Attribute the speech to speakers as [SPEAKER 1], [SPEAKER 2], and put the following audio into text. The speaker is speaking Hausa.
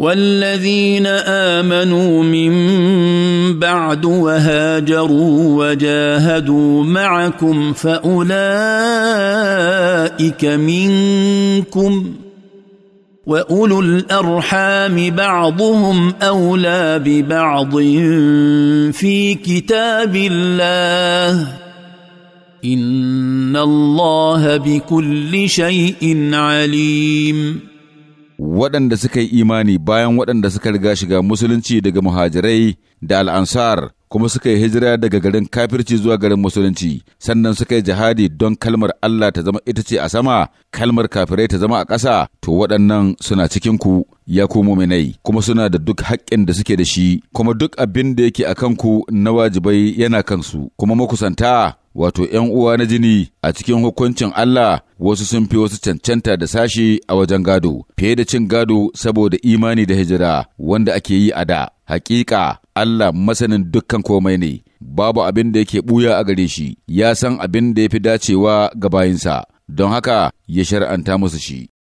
[SPEAKER 1] والذين امنوا من بعد وهاجروا وجاهدوا معكم فاولئك منكم واولو الارحام بعضهم اولى ببعض في كتاب الله ان الله
[SPEAKER 2] بكل شيء عليم waɗanda suka yi imani bayan waɗanda suka riga shiga musulunci daga muhajirai da al'ansar kuma suka yi hijira daga garin kafirci zuwa garin musulunci sannan suka yi jihadi don kalmar Allah ta zama ita ce a sama kalmar kafirai ta zama a ƙasa to waɗannan suna cikin ku ya ku muminai kuma suna da duk haƙƙin da suke da shi kuma duk abin da yake a kanku na wajibai yana kansu kuma makusanta wato ‘yan uwa na jini a cikin hukuncin Allah wasu sun fi wasu cancanta da sashi a wajen gado, fiye da cin gado saboda imani da hijira wanda ake yi a da. Hakika Allah masanin dukkan komai ne, babu abin da yake buya a gare shi, ya san abin da ya fi dacewa ga bayinsa, don haka ya shar'anta musu shi.